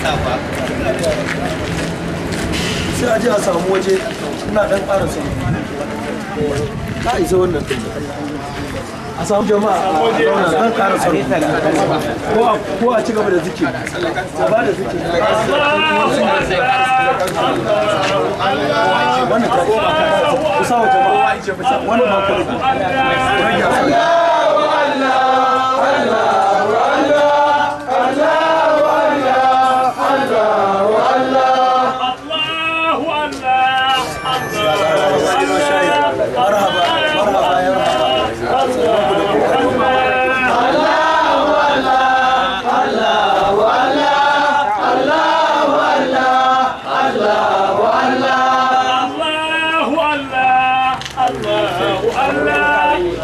safa sai a ji a samu waje ina dan ƙara sa ka isa wannan tun a samu jama'a a zauna dan ƙara sa ko a ci gaba da zikiri a ba da zikiri wannan ta ku sa wa jama'a wannan ba ku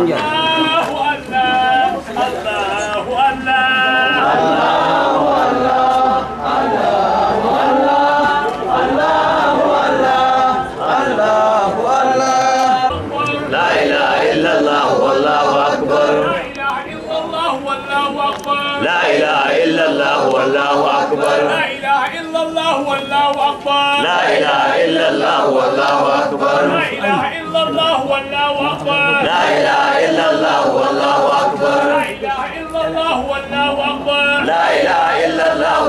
لا اله الا الله والله اكبر لا اله الا الله والله اكبر لا اله الا الله والله اكبر لا اله الا الله والله أكبر لا إله إلا الله والله أكبر لا إله إلا الله والله أكبر لا إله الا الا الا الله الله الله والله والله والله اكبر اكبر اكبر لا لا اله اله الا الله والله اكبر لا اله الا الله والله اكبر لا اله الا الله والله اكبر لا اله الا الله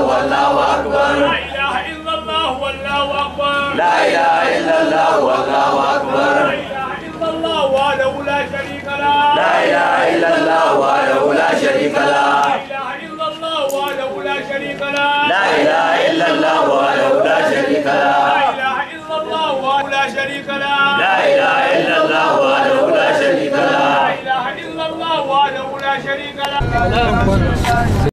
والله اكبر لا اله الا الله والله اكبر لا اله الا الله والله اكبر لا اله الا الله وحده لا شريك له لا اله الا الله وحده لا شريك له لا اله الا الله وحده لا شريك له لا اله الا الله وحده لا شريك له Não, não.